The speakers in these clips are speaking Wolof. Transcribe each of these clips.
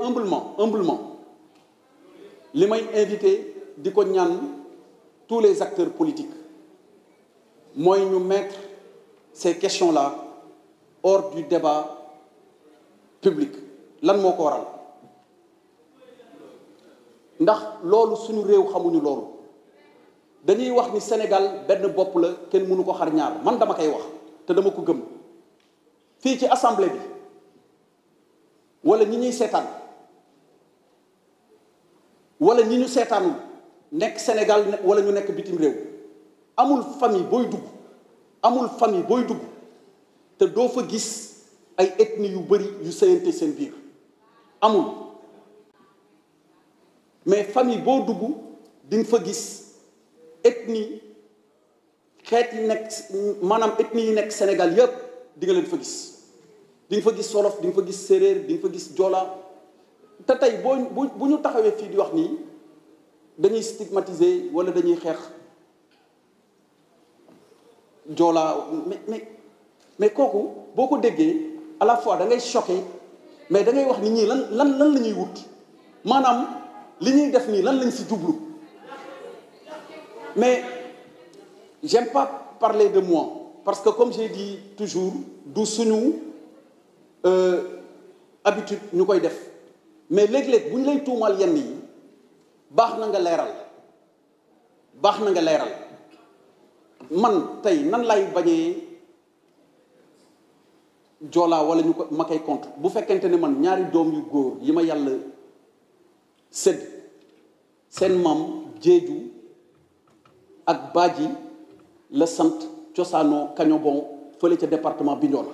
humblement humblement li may invité di ko ñaan tous les acteurs politiques mooy ñu mettre ces question la hors du débat public lan moo ko waral ndax loolu suñu réew xamuñu loolu dañuy wax ni Sénégal benn bopp la kenn mënu ko xar ñaar man dama koy wax te dama ko gëm fii ci assemblée bi walla ñi ñuy seetaan wala ñi ñu seetaanul nekk Sénégal wala ñu nekk bitim réew amul famille booy dugg amul famille booy dugg te doo fa gis ay ethnie yu bëri yu sëyante seen biir amul mais famille boo dugg di fa gis ethnie xeet yi nekk maanaam ethnie yi nekk Sénégal yëpp di nga fa gis di nga fa gis Wolof di nga fa gis séeréer di nga fa gis joola te tey boo bu ñu taxawee fii di wax nii dañuy stigmatiser walla dañuy xeex joolaa mais mais mais kooku boo ko déggee à la fois da ngay choqué mais da ngay wax ni ñii lan lan lan la ñuy wut maanaam li ñuy def nii lan lañ si jublu mais j'aime pas parler de moi parce que comme j'ai dit toujours du suñu euh, habitude ñu koy def mais léeg-léeg bu ñu lay tuumal yenn yi baax na nga leeral baax na nga leeral man tey nan lay bañee joolaa wala ñu ko ma koy compte bu fekkente ne man ñaari doom yu góor yi ma yàlla sëdd seen maam jeeju ak baaji la sant cosaanoo kañobon fële ca département Bignona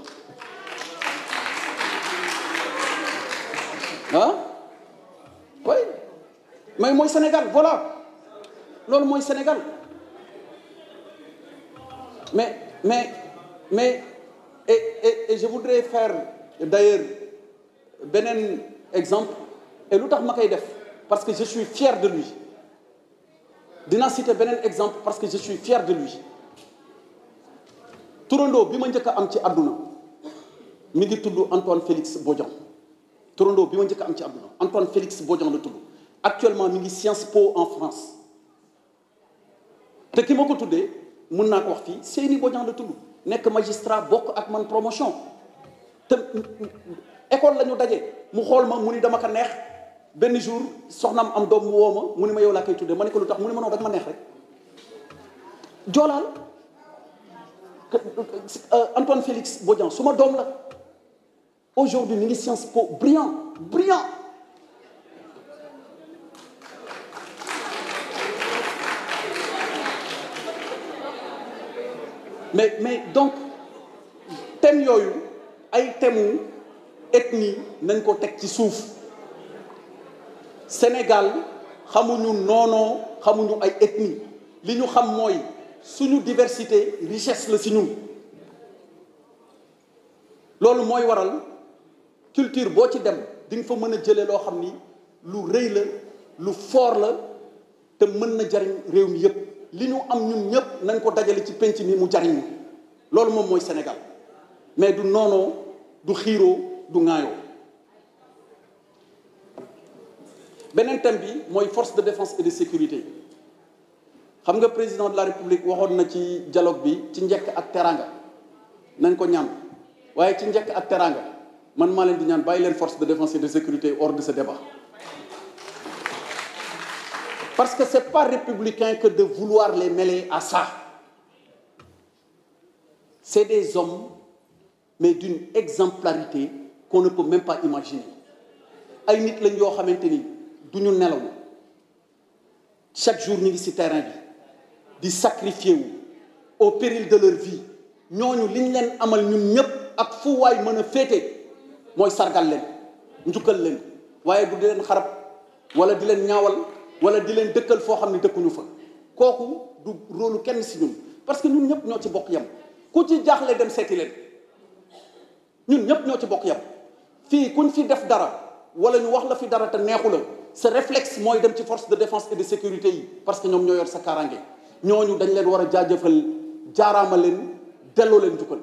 ah oui mais mooy Sénégal voilà loolu mooy Sénégal mais mais mais et et, je voudrais faire d'ailleurs beneen exemple et lu tax ma koy def parce que je suis fier de lui dina citer beneen exemple parce que je suis fier de lui turandoo bi ma njëkk am ci àdduna mi ngi tudd Antoine Félix Bodian turandoo bi ma njëkk am ci àdduna Antoine Félix Bodian la tudd actuellement mu ngi Sciences Po en France te ki ma ko tuddee mun naa ko wax fii Seyni Bodian la tudd nekk magistrat bokk ak man promotion te école la daje mu xool ma mu ni dama ko neex benn jour soxnaam am doom mu woo ma mu ni ma yow laa koy tuddee ma ne lu tax mu ni ma non da ma neex rek joolaal euh, Antoine Félix Bodian su ma doom la Aujourd'hui, ñu ngi Sciences Po brillant brillant mais mais donc thème yooyu ay thèmu ethnie nañ ko teg ci suuf Sénégal xamuñu noonoo xamuñu ay ethnie li ñu xam mooy suñu diversité richesse la si ñun loolu mooy waral culture boo ci dem di fa mën a jëlee loo xam ni lu rëy la lu foor la te mën na jariñ réew mi yëpp li ñu am ñun ñëpp nañ ko dajale ci penc mi mu jariñ loolu moom mooy Sénégal mais du noonoo du xiiroo du ŋaayoo beneen thème bi mooy force de défense et de sécurité xam nga président de la république waxoon na ci dialogue bi ci njekk ak teranga nañ ko ñaan waaye ci njëkk ak teranga man maa leen di ñaan bàyyi leen force de défense et de sécurité hors de ce débat parce que c'est pas républicain que de vouloir les mêler à ça c'est des hommes mais d'une exemplarité qu'on ne peut même pas imaginer ay nit lañ yoo xamante ni du ñu nelaw chaque jour ñu ngi ci terrain bi di sacrifier wu au péril de leur vie ñooñu liñ leen amal ñun ñëpp ak fu waay mën a féete mooy sargal leen njukkal leen waaye du di leen xarab wala di leen ñaawal wala di leen dëkkal foo xam ne dëkkuñu fa kooku du rôlu kenn si ñun parce que ñun ñëpp ñoo ci bokk yam ku ci jaaxle dem seeti leen ñun ñëpp ñoo ci bokk yam fii kuñ fi def dara wala ñu wax la fi dara te neexu la sa réflexe mooy dem ci force de défense et de sécurité yi parce que ñoom ñoo yor sa kaaraange ñooñu dañ leen war a jaajëfal jaaraama leen delloo leen jukkal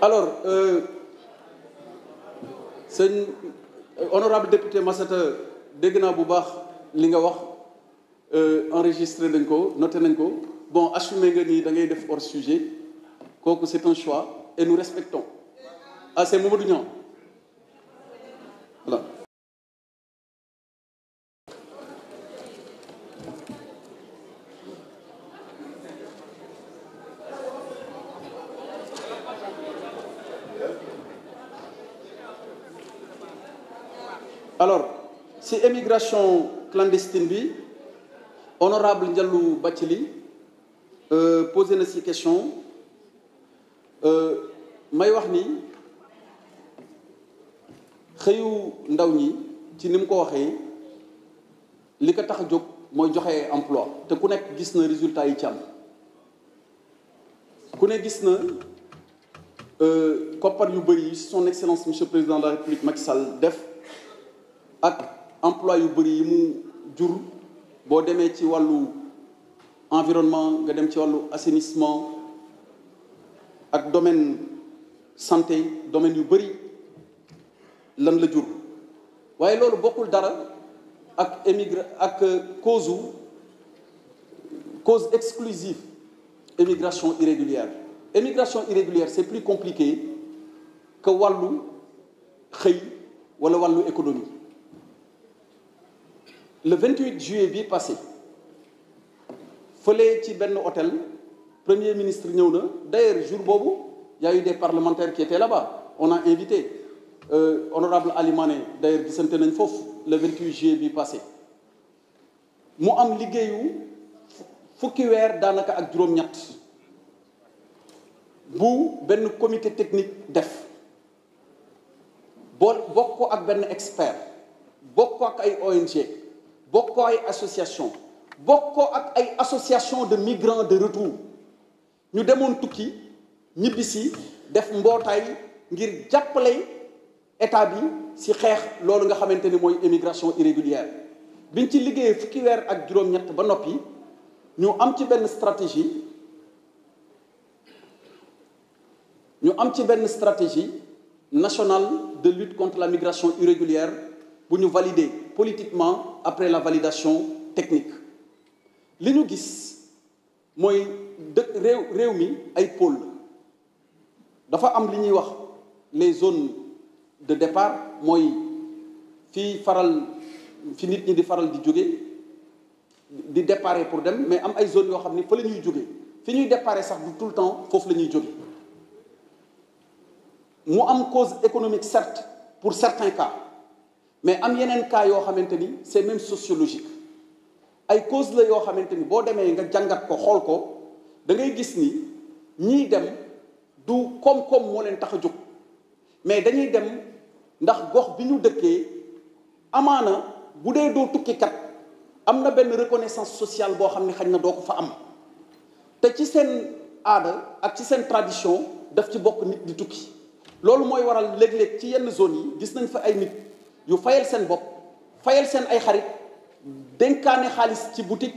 alors euh, sëñ euh, honorable député Massata dégg naa bu baax li nga wax euh, enregistré nañ ko noté nañ ko bon assume nga nii da ngay def hors sujet kooku c'est un choix et nous respectons ah c'est Mamadou Niang voilà alors si émigration clandestine bi honorable Ndiallo Bathily euh, posé na si question euh, may wax ni xëyu ndaw ñi ci ni mu ko waxee li ko tax a jóg mooy joxe emploi te ku nekk gis na résultat yi ci ku ne gis na euh, koppar yu bëri yi son excellence monsieur le président de la république Macky Sall def ak emploi yu bëri yi mu jur boo demee ci wàllu environnement nga dem ci wàllu assainissement ak domaine santé domaine yu bëri lan la jur waaye loolu bokkul dara ak émigré ak cause u cause exclusive émigration irrégulière émigration irrégulière c'est plus compliqué que wàllu xëy wala wàllu économie le 28 juillet bi passé fële ci benn hôtel premier ministre ñëw na d'ailleurs jour boobu y a eu des parlementaires qui étaient là-bas on a invité euh, honorable Ali Mané d'ailleurs gisante nañ foofu le 28 juillet bi passé mu am liggéeyu fukki weer daanaka ak juróom-ñett bu benn comité technique def boo bokk ko ak benn expert bokk ko ak ay ONG bokkoo ay association bokkoo ak ay association de migrants de retour ñu demoon tukki ñibbisi def mbootaay ngir jàppale état bi ci xeex loolu nga xamante ni mooy immigration irrégulière biñ ci liggéeyee fukki weer ak juróom-ñett ba noppi ñu am ci benn stratégie ñu am ci benn stratégie nationale de lutte contre la migration irrégulière bu ñu valider politiquement après la validation technique li ñu gis mooy dëkk réew réew mi ay pôle dafa am li ñuy wax les zones de départ mooy fii faral fi nit ñi di faral di jóge di déparé pour dem mais am ay zones yoo xam ni fa la ñuy jóge fi ñuy déparé sax bu tout le temps foofu la ñuy jóge mu am cause économique certes pour certains cas mais am yeneen kaa yoo xamante ni seen même sociologique ay cause la yoo xamante ni boo demee nga jàngat ko xool ko da ngay gis ni ñiy dem du koom-koom moo leen tax a jóg mais dañuy dem ndax gox bi ñu dëkkee amaana bu dee doo tukkikat am na benn reconnaissance sociale boo xam ne xañ na doo ko fa am te ci seen aada ak ci seen tradition daf ci bokk nit di tukki loolu mooy waral léeg-léeg ci yenn zone yi gis nañ fa ay nit yu fayal seen bopp fayal seen ay xarit dénkaane xaalis ci boutique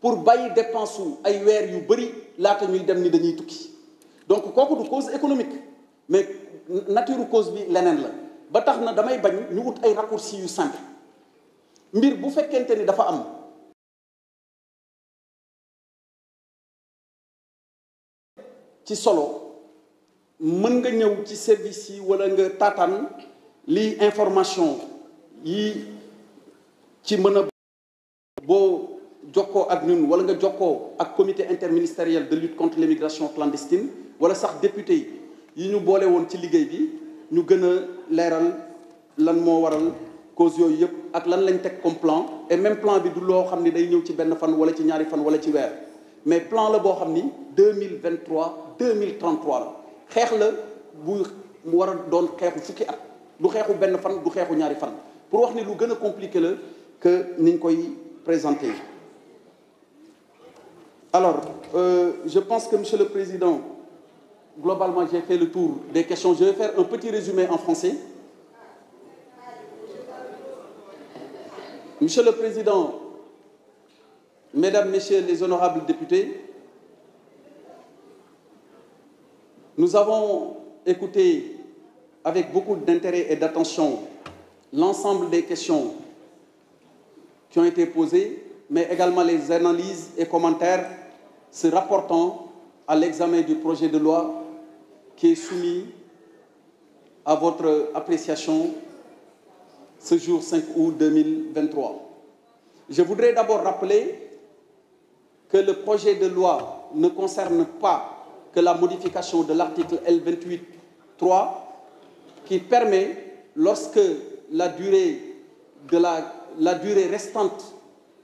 pour bàyyi dépense su ay weer yu bëri laata ñuy dem ni dañuy tukki donc kooku du cause économique mais nature cause bi leneen la ba tax na damay bañ ñu ut ay raccourci yu simple mbir bu fekkente ni dafa am ci solo mën nga ñëw ci service yi walla nga taataan lii information yi ci mën a boo jokkoo ak ñun wala nga jokkoo ak comité interministériel de lutte contre l'immigration clandestine wala sax député yi ñu boole woon ci liggéey bi ñu gën a leeral lan moo waral cause yooyu yëpp ak lan lañ teg comme plan et même plan bi du loo xam ni day ñëw ci benn fan wala ci ñaari fan wala ci weer mais plan la boo xam ni 2023 2033 la xeex la bu mu war a doon xeexu fukki at du xeexu benn fan du xeexu ñaari fan pour wax ni lu gën a compliqué la que niñ koy présenté alors euh, je pense que monsieur le président globalement j'ai fait le tour des questions je vais faire un petit résumé en français monsieur le président mesdames messieurs les honorables députés nous avons écouté avec beaucoup d'intérêt et d'attention l'ensemble des questions qui ont été posées, mais également les analyses et commentaires se rapportant à l'examen du projet de loi qui est soumis à votre appréciation ce jour 5 août 2023. Je voudrais d'abord rappeler que le projet de loi ne concerne pas que la modification de l'article L28.3 qui permet, lorsque la durée, de la, la durée restante